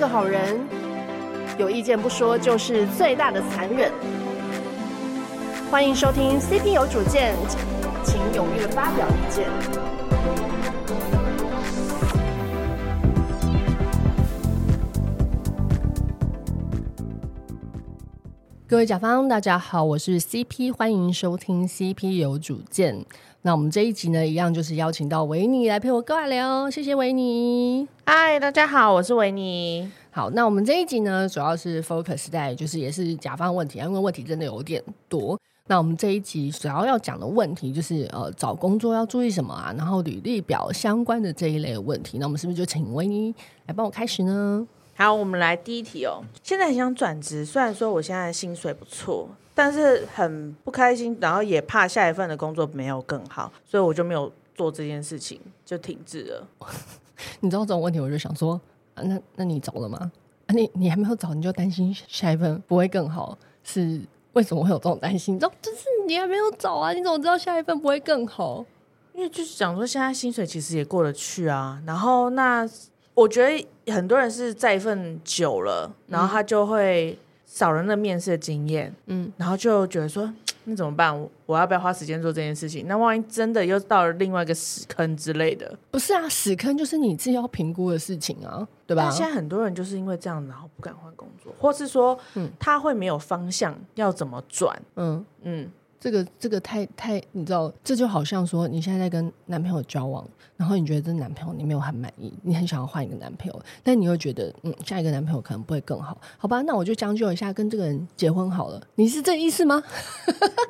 個好人，有意見不說就是最大的殘忍。歡迎收聽 CP 有主見，請踴躍發表意見。各位甲方，大家好，我是 CP，歡迎收聽 CP 有主見。那我們這一集呢，一樣就是邀請到維尼來陪我尬聊，謝謝維尼。嗨，大家好，我是維尼。好，那我們這一集呢，主要是 focus 在就是也是甲方問題，因為問題真的有點多。那我們這一集主要要講的問題就是呃，找工作要注意什麼啊？然後履歷表相關的這一類問題，那我們是不是就請維尼來幫我開始呢？好，我們來第一題哦。現在很想轉職，雖然說我現在薪水不錯。但是很不開心，然後也怕下一份的工作沒有更好，所以我就沒有做這件事情，就停滯了。 你知道這種問題，我就想說，啊、那那你找了嗎？啊，你你還沒有找，你就擔心下一份不會更好，是為什麼會有這種擔心？你知道，就是你還沒有找啊，你怎麼知道下一份不會更好？因為就是講說，現在薪水其實也過得去啊。然後那我覺得很多人是在一份久了，然後他就會、嗯。少人的面試的經驗，嗯，然後就覺得說，那怎麼辦？我，我要不要花時間做這件事情？那萬一真的又到了另外一個死坑之類的？不是啊，死坑就是你自己要評估的事情啊，對吧？現在很多人就是因為這樣，然後不敢換工作，或是說，嗯，他會沒有方向要怎麼轉，嗯嗯。嗯這個這個太太，你知道，這就好像說你現在在跟男朋友交往，然後你覺得這男朋友你沒有很滿意，你很想要換一個男朋友，但你又覺得嗯，下一個男朋友可能不會更好，好吧？那我就將就一下跟這個人結婚好了。你是這意思嗎？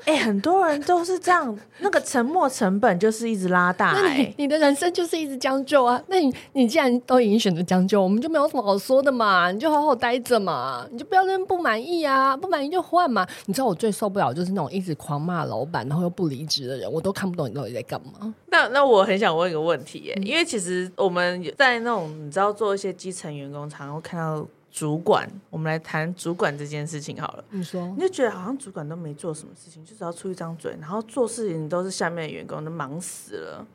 哎、 欸，很多人都是這樣， 那個沉沒成本就是一直拉大、欸，你你的人生就是一直將就啊。那你你既然都已經選擇將就，我們就沒有什麼好說的嘛，你就好好待着嘛，你就不要那麼不滿意啊，不滿意就換嘛。你知道我最受不了就是那種一直狂。罵老闆，然後又不離職的人，我都看不懂你到底在幹嘛。那那我很想問一個問題耶，嗯，因為其實我們在那種你知道做一些基層員工，常常看到主管，我們來談主管這件事情好了。你說，你就覺得好像主管都沒做什麼事情，就只要出一張嘴，然後做事情都是下面的員工都忙死了。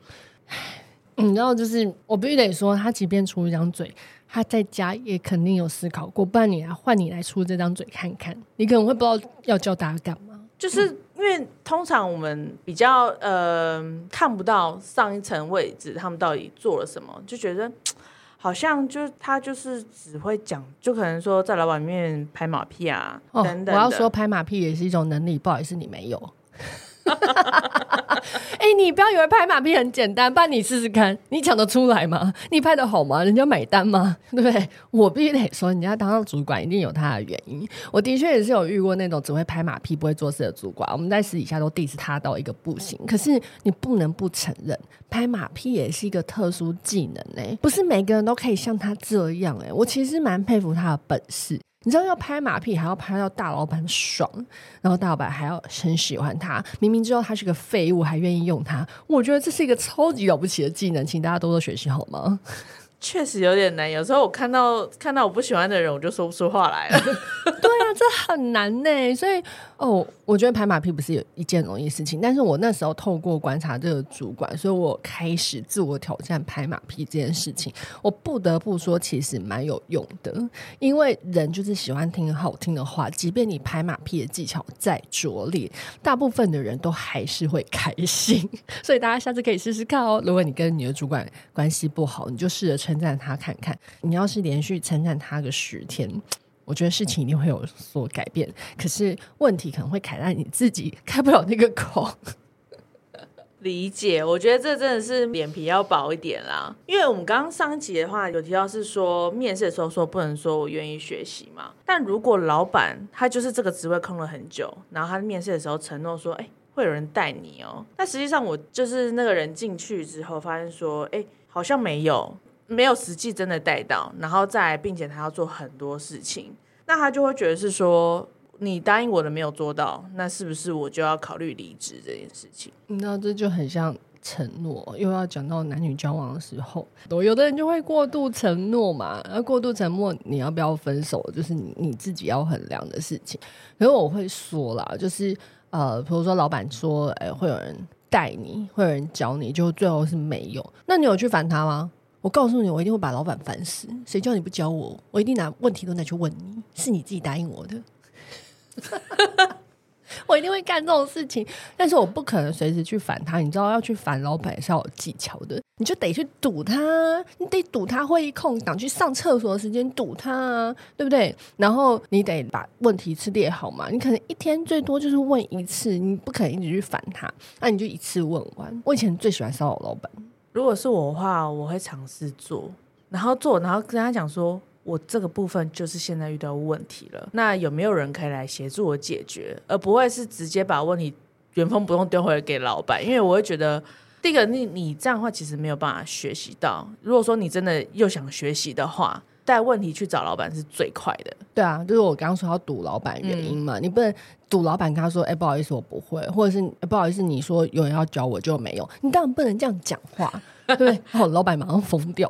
然後就是我必須得說，他即便出一張嘴，他在家也肯定有思考過，不然你來，換你來出這張嘴看看，你可能會不知道要叫大家幹嘛。就是因為通常我們比較呃看不到上一層位置他們到底做了什麼，就覺得好像就他就是只會講，就可能說在老板面拍馬屁啊，等等、哦。我要說拍馬屁也是一種能力，不好意思你沒有。 哎， 欸、你不要以為拍馬屁很簡單，不然你試試看，你講得出來嗎？你拍得好嗎？人家買單嗎？對不對？我必須得說，人家當上主管一定有他的原因。我的確也是有遇過那種只會拍馬屁不會做事的主管，我們在私底下都 diss 他到一個不行。可是你不能不承認，拍馬屁也是一個特殊技能哎、欸，不是每個人都可以像他這樣哎、欸，我其實蠻佩服他的本事。你知道要拍馬屁還要拍到大老板爽，然後大老板還要很喜歡他，明明知道他是個廢物還願意用他，我覺得這是一個超級了不起的技能，請大家多多學習好嗎？確實有點難，有時候我看到看到我不喜歡的人，我就說不出話來了。 對啊，這很難呢。所以，哦，我覺得拍馬屁不是有一件容易事情。但是我那時候透過觀察這個主管，所以我開始自我挑戰拍馬屁這件事情。我不得不說，其實蠻有用的，因為人就是喜歡聽好聽的話，即便你拍馬屁的技巧再拙劣，大部分的人都還是會開心。所以大家下次可以試試看哦。如果你跟你的主管關係不好，你就試着成。稱讚他看看，你要是連續稱讚他個十天，我覺得事情一定會有所改變。可是問題可能會卡在你自己開不了那個口。理解，我覺得這真的是臉皮要薄一點啦。因為我們剛剛上一集的話有提到是說，面試的時候說不能說我願意學習嘛。但如果老闆他就是這個職位空了很久，然後他面試的時候承諾說，欸，會有人帶你喔。但實際上我就是那個人進去之後發現說，欸，好像沒有。沒有實際真的帶到，然後再並且他要做很多事情，那他就會覺得是說你答應我的沒有做到，那是不是我就要考慮離職這件事情？那這就很像承諾，又要講到男女交往的時候，有的人就會過度承諾嘛，那過度承諾你要不要分手，就是你你自己要衡量的事情。可是我會說啦，就是呃，比如說老闆說，哎、欸，會有人帶你，會有人教你，就最後是沒有，那你有去煩他嗎？我告訴你，我一定會把老板煩死。誰叫你不教我？我一定拿問題都拿去問你，是你自己答應我的。 我一定會幹這種事情，但是我不可能隨時去煩他。你知道，要去煩老板也是好有技巧的，你就得去堵他，你得堵他會空檔去上廁所的時間堵他，對不對？然後你得把問題條列好嘛。你可能一天最多就是問一次，你不可能一直去煩他。那、啊、你就一次問完。我以前最喜歡騷擾老,老板。如果是我的話，我會嘗試做，然後做，然後跟他講說，我這個部分就是現在遇到問題了，那有沒有人可以來協助我解決？而不會是直接把問題原封不動丟回來給老闆，因為我會覺得，第一個，你你這樣的話其實沒有辦法學習到，如果說你真的又想學習的話。帶問題去找老闆是最快的，對啊，就是我剛剛說要堵老闆原因嘛，嗯、你不能堵老闆，跟他說，哎、欸，不好意思，我不會，或者是、欸、不好意思，你說有人要教我就沒有，你當然不能這樣講話， 對不對，哦，老闆馬上瘋掉。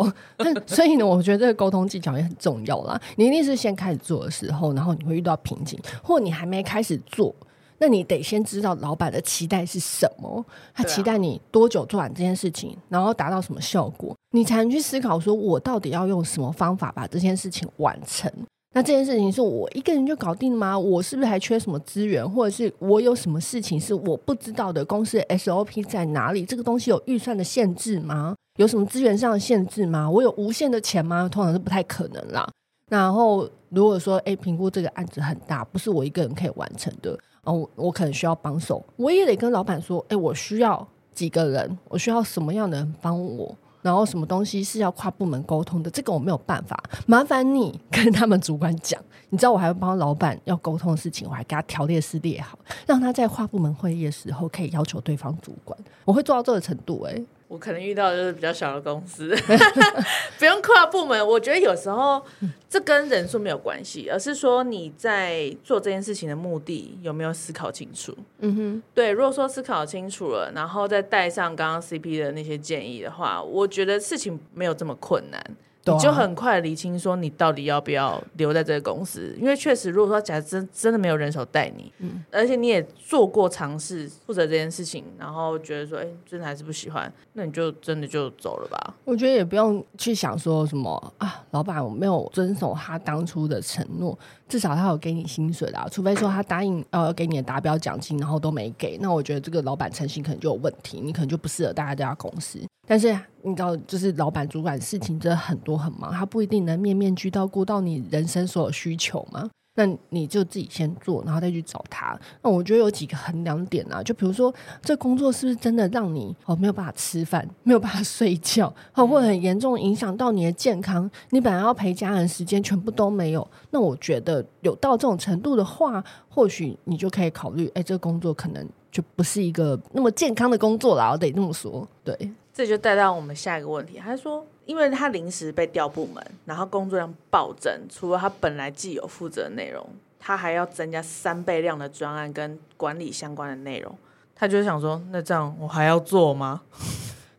所以呢，我覺得這個溝通技巧也很重要啦。你一定是先開始做的時候，然後你會遇到瓶頸，或你還沒開始做。那你得先知道老板的期待是什麼，他期待你多久做完這件事情，然後達到什麼效果，你才能去思考說，我到底要用什麼方法把這件事情完成？那這件事情是我一個人就搞定嗎？我是不是還缺什麼資源，或者是我有什麼事情是我不知道的？公司的 SOP 在哪裡？這個東西有預算的限制嗎？有什麼資源上的限制嗎？我有無限的錢嗎？通常是不太可能啦。然後如果說，誒，評估這個案子很大，不是我一個人可以完成的。哦，我可能需要幫手，我也得跟老闆說，哎、欸，我需要幾個人，我需要什麼樣的人幫我，然後什麼東西是要跨部門溝通的，這個我沒有辦法，麻煩你跟他們主管講，你知道我還要幫老闆要溝通的事情，我還給他條列式列好，讓他在跨部門會議的時候可以要求對方主管，我會做到這個程度、欸，哎。我可能遇到的就是比較小的公司， 不用跨部門。我覺得有時候這跟人數沒有關係，而是說你在做這件事情的目的有沒有思考清楚。嗯哼，對，如果說思考清楚了，然後再帶上剛剛 CP 的那些建議的話，我覺得事情沒有這麼困難。啊、你就很快理清說，你到底要不要留在這個公司。因為確實如果說假設真的沒有人手帶你，嗯，而且你也做過嘗試負責這件事情，然後覺得說哎、欸，真的還是不喜歡，那你就真的就走了吧。我覺得也不用去想說什麼啊，老闆我沒有遵守他當初的承諾，至少他有給你薪水啦，除非說他答應呃給你的達標獎金，然後都沒給，那我覺得這個老闆誠信可能就有問題，你可能就不適合待這家公司，但是。你知道，就是老闆主管事情真的很多很忙，他不一定能面面俱到顧到你人生所有需求嘛？那你就自己先做，然後再去找他。那我覺得有幾個衡量點啊，就比如說，這工作是不是真的讓你哦沒有辦法吃飯，沒有辦法睡覺，哦或者很嚴重影響到你的健康？你本來要陪家人時間全部都沒有，那我覺得有到這種程度的話，或許你就可以考慮，哎，這個工作可能就不是一個那麼健康的工作了，我得這麼說，對。這就帶到我們下一個問題，他說，因為他臨時被調部門，然後工作量暴增，除了他本來既有負責的內容，他還要增加三倍量的專案跟管理相關的內容，他就想說，那這樣我還要做嗎？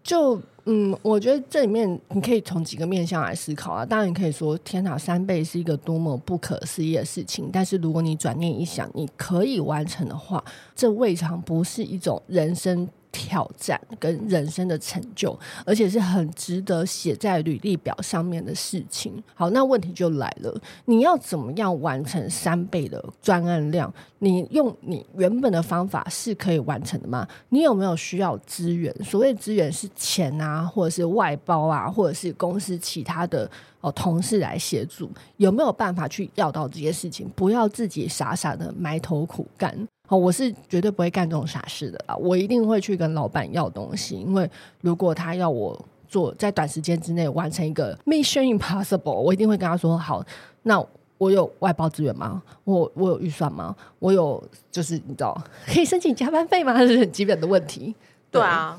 就嗯，我覺得這裡面你可以從幾個面向來思考啊，當然你可以說，天哪，三倍是一個多麼不可思議的事情，但是如果你轉念一想，你可以完成的話，這未嘗不是一種人生。挑戰跟人生的成就，而且是很值得寫在履歷表上面的事情。好，那問題就來了，你要怎麼樣完成三倍的專案量？你用你原本的方法是可以完成的嗎？你有沒有需要資源？所謂資源是錢啊，或者是外包啊，或者是公司其他的哦，同事來協助？有沒有辦法去要到這些事情？不要自己傻傻的埋頭苦幹。哦，我是絕對不會幹這種傻事的啦。我一定會去跟老板要東西，因為如果他要我做在短時間之內完成一個 mission impossible，我一定會跟他說：好，那我有外包資源嗎？我我有預算嗎？我有就是你知道可以申請加班費嗎？這是很基本的問題。對，對啊。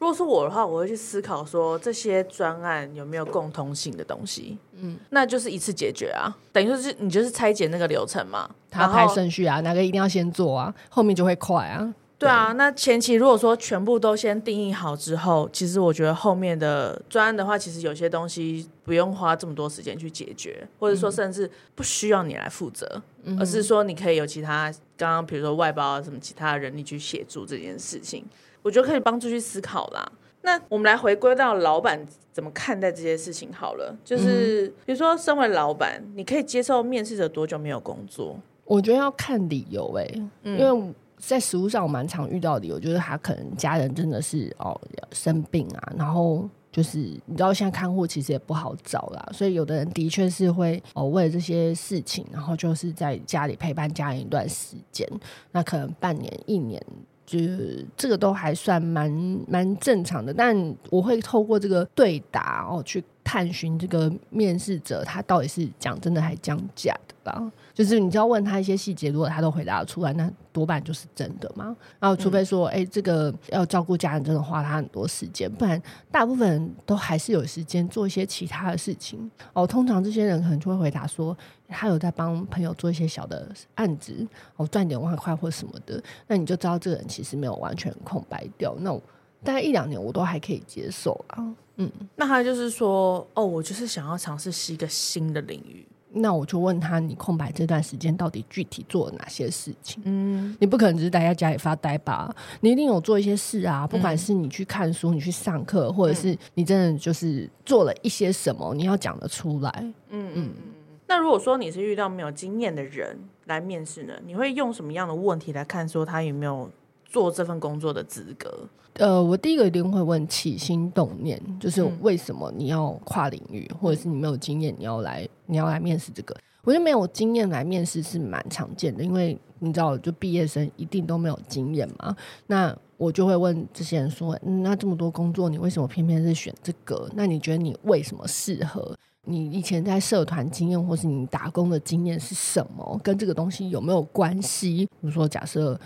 如果是我的話，我會去思考說，這些專案有沒有共通性的東西。嗯，那就是一次解決啊，等於說是你就是拆解那個流程嘛，他排順序啊，哪個一定要先做啊，後面就會快啊。對啊，對，那前期如果說全部都先定義好之後，其實我覺得後面的專案的話，其實有些東西不用花這麼多時間去解決，或者說甚至不需要你來負責，嗯哼，而是說你可以有其他，剛剛比如說外包啊什麼其他人力去協助這件事情。我覺得可以幫助去思考啦。那我們來回歸到老闆怎麼看待這些事情好了。就是、嗯、比如說，身為老闆，你可以接受面試者多久沒有工作？我覺得要看理由誒、欸、嗯、因為在實務上我蠻常遇到理由，就是他可能家人真的是哦生病啊，然後就是你知道現在看護其實也不好找啦，所以有的人的確是會哦為了這些事情，然後就是在家裡陪伴家人一段時間，那可能半年一年。就是這個都還算蠻蠻正常的，但我會透過這個對答哦去。探尋這個面試者他到底是講真的還是講假的啦，就是你只要問他一些細節，如果他都回答得出來，那多半就是真的嘛。然後除非說，哎、嗯欸，這個要照顧家人真的花他很多時間，不然大部分人都還是有時間做一些其他的事情哦。通常這些人可能就會回答說，他有在幫朋友做一些小的案子，哦，賺點外快或什麼的，那你就知道這個人其實沒有完全空白掉那種。大概一兩年我都還可以接受啦，嗯，那他就是說，哦，我就是想要嘗試是一個新的領域，那我就問他，你空白這段時間到底具體做了哪些事情？嗯，你不可能只是待在家裡發呆吧？你一定有做一些事啊，不管是你去看書，嗯、你去上課，或者是你真的就是做了一些什麼，你要講得出來。嗯嗯嗯。嗯，那如果說你是遇到沒有經驗的人來面試呢，你會用什麼樣的問題來看說他有沒有？做這份工作的資格，呃，我第一個一定會問起心動念，就是為什麼你要跨領域，或者是你沒有經驗，你要來，你要來面試這個？我覺得沒有經驗來面試是蠻常見的，因為你知道，就畢業生一定都沒有經驗嘛。那我就會問這些人說，嗯，那這麼多工作，你為什麼偏偏是選這個？那你覺得你為什麼適合？你以前在社團經驗或是你打工的經驗是什麼？跟這個東西有沒有關係？比如說，假設。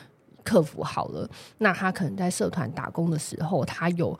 客服好了，那他可能在社團打工的時候，他有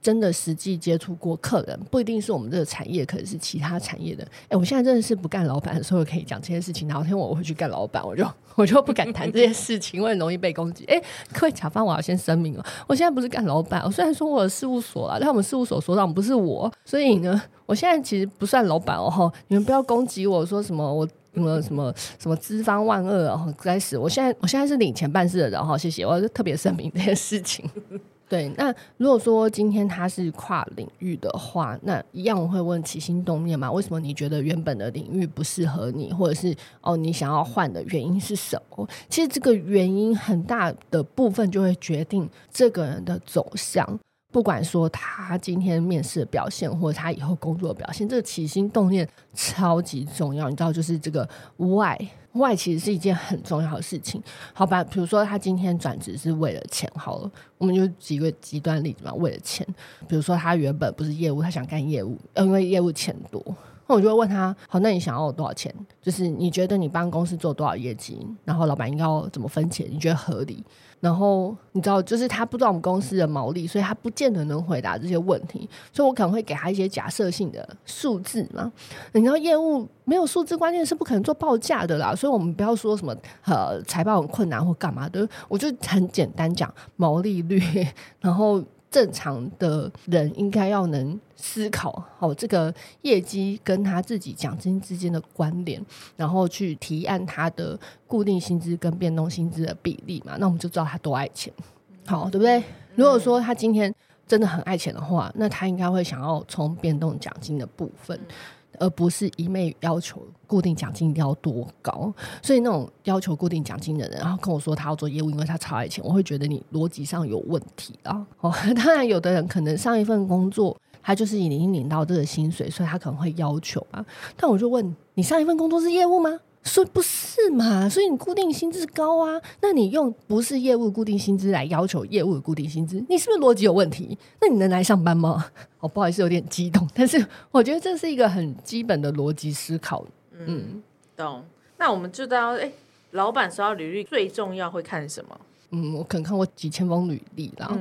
真的實際接觸過客人，不一定是我們這個產業，可能是其他產業的。哎、欸，我現在真的是不幹老闆的時候，可以講這些事情。哪天我會去幹老闆，我就我就不敢談這些事情， 我很容易被攻擊。哎、欸，各位甲方，我要先聲明了，我現在不是幹老闆。我雖然說我的事務所啊，但我們事務所所長不是我，所以呢，我現在其實不算老闆哦。你們不要攻擊我說什麼我。什麼什麼什麼資方萬惡啊、哦！該死！我現在我現在是領錢辦事的人哈、哦，謝謝。我要特別聲明這件事情。 對，那如果說今天他是跨領域的話，那一樣我會問起心動念嘛？為什麼你覺得原本的領域不適合你，或者是哦你想要換的原因是什麼？其實這個原因很大的部分就會決定這個人的走向。不管說他今天面試的表現，或者他以後工作表現，這個起心動念超級重要。你知道，就是這個 why，why 其實是一件很重要的事情，好吧？比如說他今天轉職是為了錢，好了，我們就舉個極端例子嘛。為了錢，比如說他原本不是業務，他想幹業務，呃，因為業務錢多。那我就會問他，好，那你想要多少錢？就是你覺得你幫公司做多少業績，然後老板應該要怎麼分錢？你覺得合理？然後你知道，就是他不知道我們公司的毛利，所以他不見得能回答這些問題。所以我可能會給他一些假設性的數字嘛。你知道，業務沒有數字關鍵是不可能做報價的啦。所以我們不要說什麼呃財報很困難或幹嘛的。我就很簡單講毛利率，然後。正常的人應該要能思考，好，這個業績跟他自己獎金之間的關聯，然後去提案他的固定薪資跟變動薪資的比例嘛？那我們就知道他多愛錢，好，對不對？如果說他今天真的很愛錢的話，那他應該會想要衝變動獎金的部分。而不是一昧要求固定獎金一定要多高，所以那種要求固定獎金的人，然後跟我說他要做業務，因為他超愛錢，我會覺得你邏輯上有問題啊！哦，當然，有的人可能上一份工作他就是已經領到這個薪水，所以他可能會要求啊。但我就問你，上一份工作是業務嗎？所以不是嘛？所以你固定薪資高啊？那你用不是業務固定薪資來要求業務的固定薪資，你是不是邏輯有問題？那你能來上班嗎？哦、oh，不好意思，有點激動。但是我覺得這是一個很基本的邏輯思考。嗯，嗯，懂。那我們知道，哎、欸，老闆收到履歷最重要會看什麼？嗯，我可能看過幾千封履歷啦。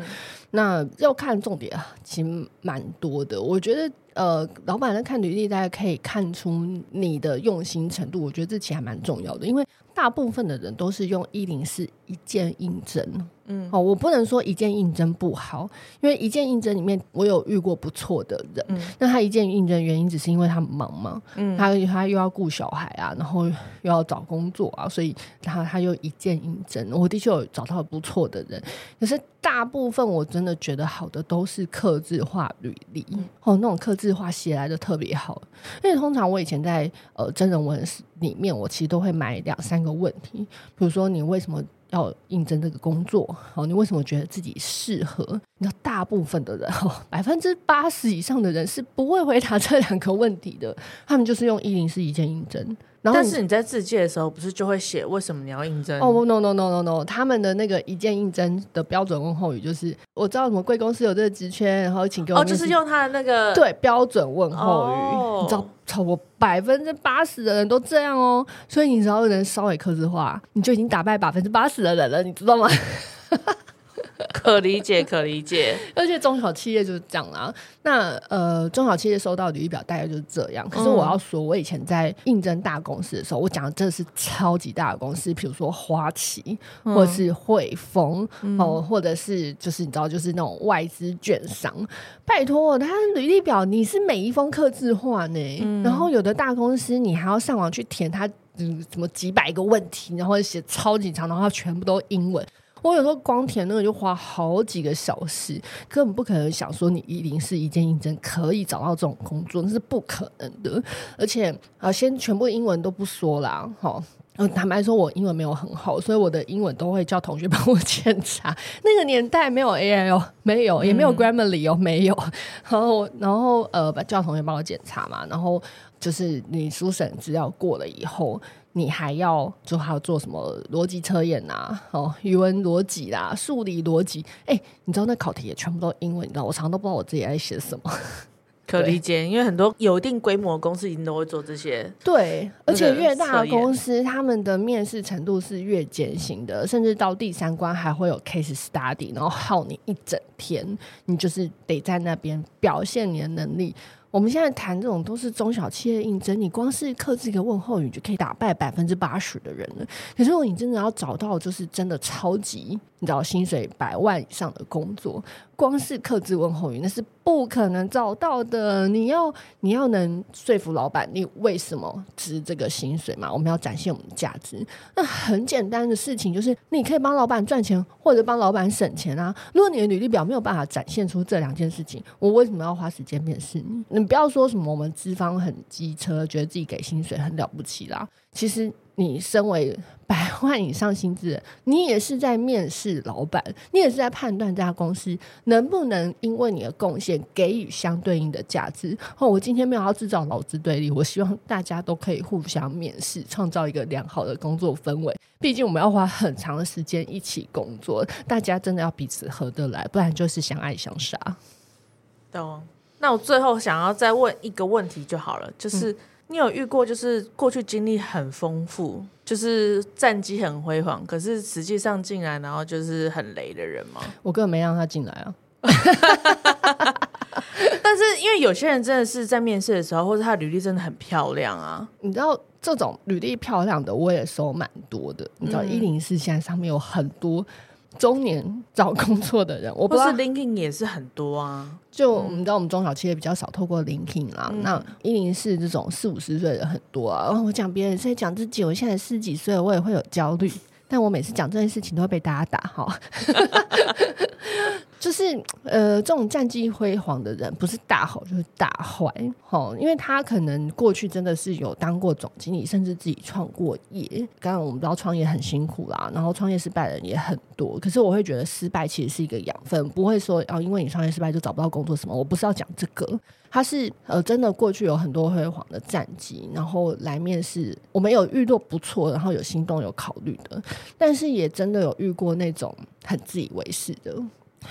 那要看重點啊，其實蠻多的。我覺得，呃，老闆在看履歷，大家可以看出你的用心程度。我覺得這其實還蠻重要的，因為大部分的人都是用104一鍵應徵。嗯，哦，我不能說一鍵應徵不好，因為一鍵應徵裡面我有遇過不錯的人，那、嗯、他一鍵應徵原因只是因為他忙嘛，嗯，他他又要顧小孩啊，然後又要找工作啊，所以他他又一鍵應徵，我的確有找到不錯的人，可是大部分我真的覺得好的都是客製化履歷，嗯、哦，那種客製化寫來的特別好，因為通常我以前在呃真人文裡面，我其實都會埋兩三個問題，比如說你為什麼？要應徵這個工作，好，你為什麼覺得自己適合？你知道，大部分的人，百分之八十以上的人是不會回答這兩個問題的，他們就是用一零四一鍵應徵。但是你在自介的時候，不是就會寫為什麼你要應徵？哦不，oh，no no no no no，他們的那個一鍵應徵的標準問候語就是，我知道什麼貴公司有這個職缺，然後請給我。哦，就是用他的那個對標準問候語，哦，你知道，超過百分之八十的人都這樣哦，所以你只要能稍微客製化，你就已經打敗百分之八十的人了，你知道嗎？ 可理解可理解，可理解。而且中小企業就是這樣啦、啊。那呃，中小企業收到履歷表大概就是這樣。可是我要說，嗯、我以前在應徵大公司的時候，我講的真的是超級大的公司，比如說花旗、嗯、或者是匯豐哦，或者是就是你知道就是那種外資券商。拜托，他履歷表你是每一封客製化呢？嗯、然後有的大公司你還要上網去填他嗯什麼幾百個問題，然後寫超級長的話，然後全部都英文。我有時候光填那個就花好幾個小時，根本不可能想說你一定是一肩應徵，可以找到這種工作，那是不可能的。而且啊、呃，先全部英文都不說啦。好、呃，坦白說，我英文沒有很好，所以我的英文都會叫同學幫我檢查。那個年代沒有 AI 哦，沒有，也沒有 Grammarly 哦，沒有。嗯、然後然後呃，叫同學幫我檢查嘛。然後就是你書審資料過了以後。你還要，就還要做什麼邏輯測驗啊？哦，語文邏輯啦，數理邏輯。哎、欸，你知道那考題也全部都英文，你知道我常常都不知道我自己在寫什麼。可理解，對因為很多有一定規模的公司已經都會做這些。對，而且越大的公司，他們的面試程度是越艱辛的，甚至到第三關還會有 case study，然後耗你一整天，你就是得在那邊表現你的能力。我們現在談這種都是中小企業應徵，你光是客製一個問候語就可以打敗百分之八十的人了。可是如果你真的要找到，就是真的超級，你知道薪水百萬以上的工作，光是克制問候語那是不可能找到的，你要你要能說服老闆你為什麼值這個薪水嘛？我們要展現我們的價值，那很簡單的事情就是你可以幫老闆賺錢或者幫老闆省錢啊。如果你的履歷表沒有辦法展現出這兩件事情，我為什麼要花時間面試你？你不要說什麼我們資方很機車，覺得自己給薪水很了不起啦，其實。你身為百萬以上薪資人，你也是在面試老板，你也是在判斷這家公司能不能因為你的貢獻給予相對應的價值。哦，我今天沒有要制造勞資對立，我希望大家都可以互相面試，創造一個良好的工作氛圍。畢竟我們要花很長的時間一起工作，大家真的要彼此合得來，不然就是相愛相殺。懂。那我最後想要再問一個問題就好了，就是。嗯你有遇過就是過去經歷很豐富，就是戰績很輝煌，可是實際上進來然後就是很雷的人嗎？我根本沒讓他進來啊。 但是因為有些人真的是在面試的時候，或者他履歷真的很漂亮啊。你知道這種履歷漂亮的我也收蠻多的。你知道一零四現在上面有很多。中年找工作的人，我不知道 LinkedIn 也是很多啊。就我們、嗯、知道，我們中小企業也比較少透過 LinkedIn 啦。嗯、那一零四這種四五十歲的很多啊。我講別人，所以講自己，我現在四十幾歲我也會有焦慮。但我每次講這件事情，都會被大家打哈。 就是呃，這種戰績輝煌的人，不是大好就是大壞，吼，因為他可能過去真的是有當過總經理，甚至自己創過業。剛剛我們知道創業很辛苦啦，然後創業失敗的人也很多。可是我會覺得失敗其實是一個養分，不會說啊，因為你創業失敗就找不到工作什麼。我不是要講這個，他是呃，真的過去有很多輝煌的戰績，然後來面試，我們有遇過不錯，然後有心動有考慮的，但是也真的有遇過那種很自以為是的。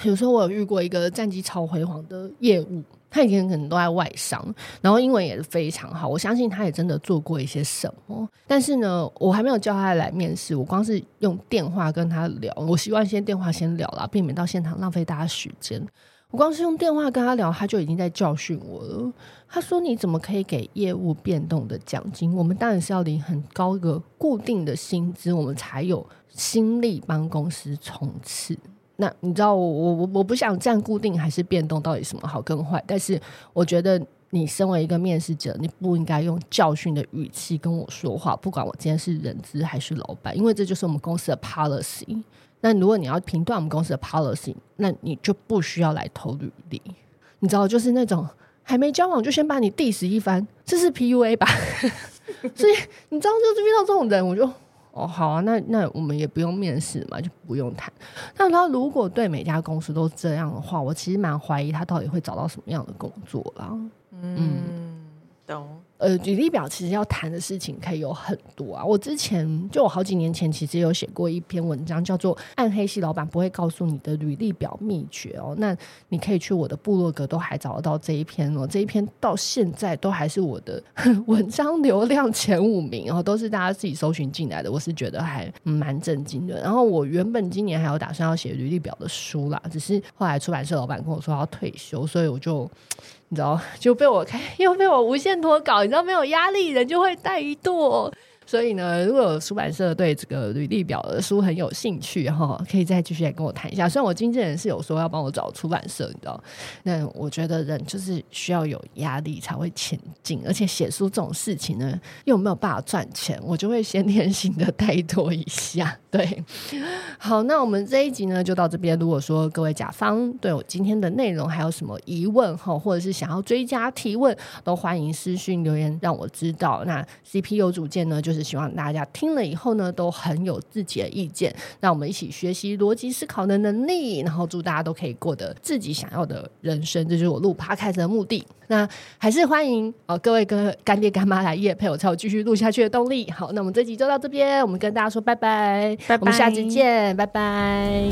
有時候我有遇過一個戰績超輝煌的業務，他以前可能都在外商，然後英文也是非常好。我相信他也真的做過一些什麼，但是呢，我還沒有叫他來面試，我光是用電話跟他聊。我希望先電話先聊啦，避免到現場浪費大家時間。我光是用電話跟他聊，他就已經在教訓我了。他說：“你怎麼可以給業務變動的獎金？我們當然是要領很高一個固定的薪資，我們才有心力幫公司衝刺。”那你知道我我我我不想站固定還是變動到底什麼好跟壞，但是我覺得你身為一個面試者，你不應該用教訓的語氣跟我說話，不管我今天是人資還是老闆，因為這就是我們公司的 policy。那如果你要評斷我們公司的 policy，那你就不需要來投履歷。你知道就是那種還沒交往就先把你 diss 一番，這是 PUA 吧？ 所以你知道就是遇到這種人，我就。哦，好啊，那那我們也不用面試嘛，就不用談。那他如果對每家公司都這樣的話，我其實蠻懷疑他到底會找到什麼樣的工作啦。嗯，懂。呃，履歷表其實要談的事情可以有很多啊。我之前就我好幾年前其實有寫過一篇文章，叫做《暗黑系老板不會告訴你的履歷表秘訣》哦。那你可以去我的部落格都還找得到這一篇哦。這一篇到現在都還是我的 文章流量前五名哦，都是大家自己搜尋進來的。我是覺得還蠻震驚的。然後我原本今年還有打算要寫履歷表的書啦，只是後來出版社老板跟我說要退休，所以我就。你知道就被我開，又被我無限拖稿。你知道，沒有壓力，人就會怠惰。所以呢，如果出版社對這個履歷表的書很有興趣哈、哦，可以再繼續來跟我談一下。雖然我經紀人是有說要幫我找出版社，你知道，那我覺得人就是需要有壓力才會前進，而且寫書這種事情呢，又沒有辦法賺錢，我就會先天性的怠惰一下。對，好，那我們這一集呢就到這邊。如果說各位甲方對我今天的內容還有什麼疑問哈，或者是想要追加提問，都歡迎私訊留言讓我知道。那 CP 有主見呢，就。就是希望大家聽了以後呢，都很有自己的意見，讓我們一起學習邏輯思考的能力，然後祝大家都可以過得自己想要的人生。這、就是我錄 Podcast 的目的。那還是歡迎、呃、各位跟乾爹乾媽來業配，我才有繼續錄下去的動力。好，那我們這集就到這邊，我們跟大家說拜拜，拜拜，我們下集見，拜拜。